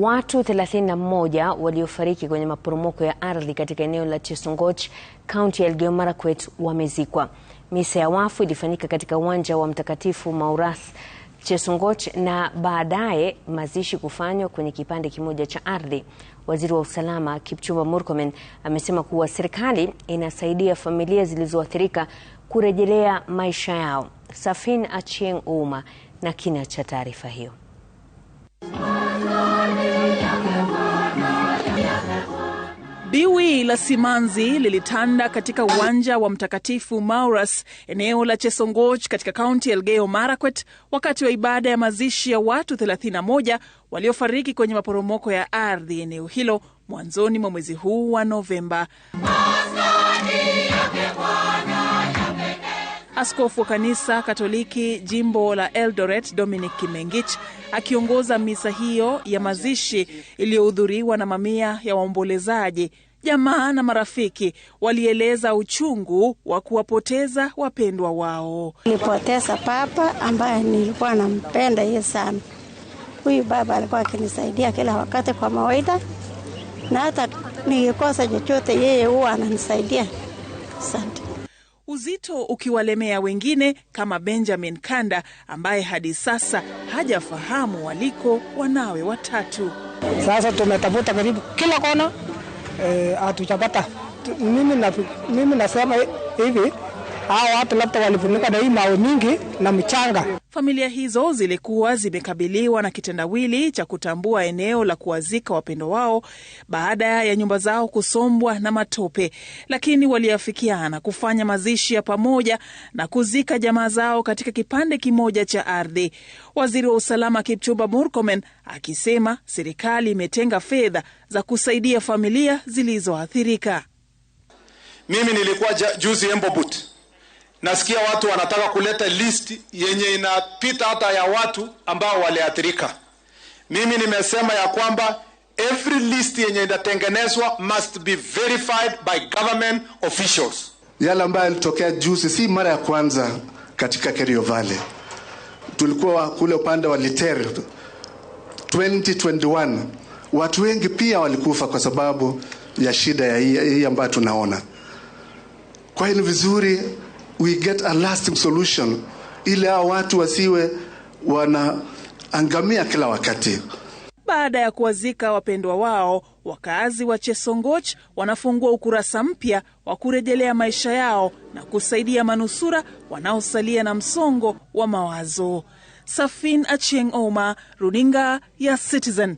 Watu 31 waliofariki kwenye maporomoko ya ardhi katika eneo la Chesongoch, kaunti ya Elgeyo Marakwet wamezikwa. Misa ya wafu ilifanyika katika uwanja wa Mtakatifu Mauras Chesongoch na baadaye mazishi kufanywa kwenye kipande kimoja cha ardhi. Waziri wa usalama Kipchumba Murkomen amesema kuwa serikali inasaidia familia zilizoathirika kurejelea maisha yao. Safin Achieng' Ouma na kina cha taarifa hiyo. Biwi la simanzi lilitanda katika uwanja wa Mtakatifu Maurus eneo la Chesongoch katika kaunti ya Elgeyo Marakwet wakati wa ibada ya mazishi ya watu 31 waliofariki kwenye maporomoko ya ardhi eneo hilo mwanzoni mwa mwezi huu wa Novemba. Askofu wa kanisa Katoliki jimbo la Eldoret Dominic Kimengich akiongoza misa hiyo ya mazishi iliyohudhuriwa na mamia ya waombolezaji. Jamaa na marafiki walieleza uchungu wa kuwapoteza wapendwa wao. Nilipoteza papa ambaye nilikuwa nampenda hiye sana. Huyu baba alikuwa akinisaidia kila wakati kwa mawaida, na hata nikikosa chochote yeye huwa ananisaidia. Asante uzito ukiwalemea wengine kama Benjamin Kanda ambaye hadi sasa hajafahamu waliko wanawe watatu. Sasa tumetafuta karibu kila kona, eh, hatujapata. E, mimi nasema hivi au hata labda walivunika na hii mawe mingi na mchanga. Familia hizo zilikuwa zimekabiliwa na kitendawili cha kutambua eneo la kuwazika wapendo wao baada ya nyumba zao kusombwa na matope, lakini waliafikiana kufanya mazishi ya pamoja na kuzika jamaa zao katika kipande kimoja cha ardhi. Waziri wa usalama Kipchumba Murkomen akisema serikali imetenga fedha za kusaidia familia zilizoathirika. Mimi nilikuwa juzi Embobut Nasikia watu wanataka kuleta list yenye inapita hata ya watu ambao waliathirika. Mimi nimesema ya kwamba every list yenye inatengenezwa must be verified by government officials. Yale ambayo yalitokea juzi si mara ya kwanza katika Kerio Valley. Tulikuwa kule upande wa Liter 2021 watu wengi pia walikufa kwa sababu ya shida ya hii ambayo tunaona. Kwa hiyo ni vizuri we get a lasting solution, ili hao watu wasiwe wanaangamia kila wakati. Baada ya kuwazika wapendwa wao, wakazi wa Chesongoch wanafungua ukurasa mpya wa kurejelea maisha yao na kusaidia manusura wanaosalia na msongo wa mawazo. Safin Achieng' Oma, runinga ya Citizen.